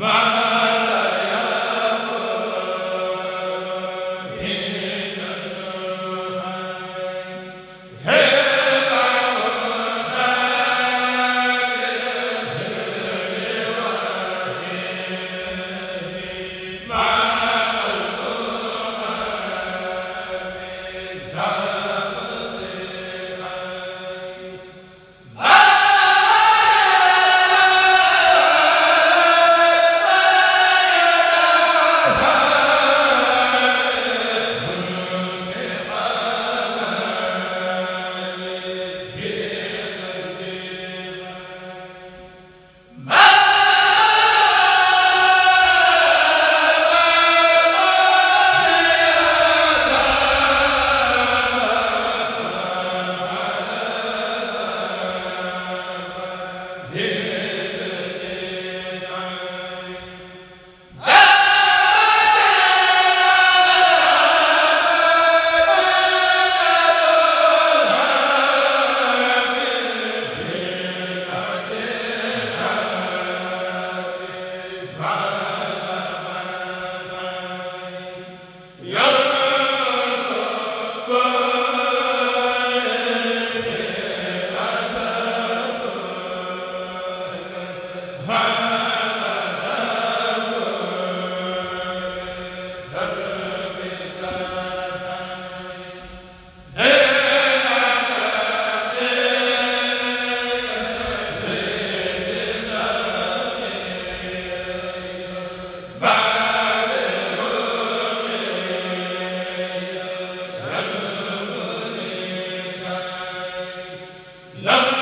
ba la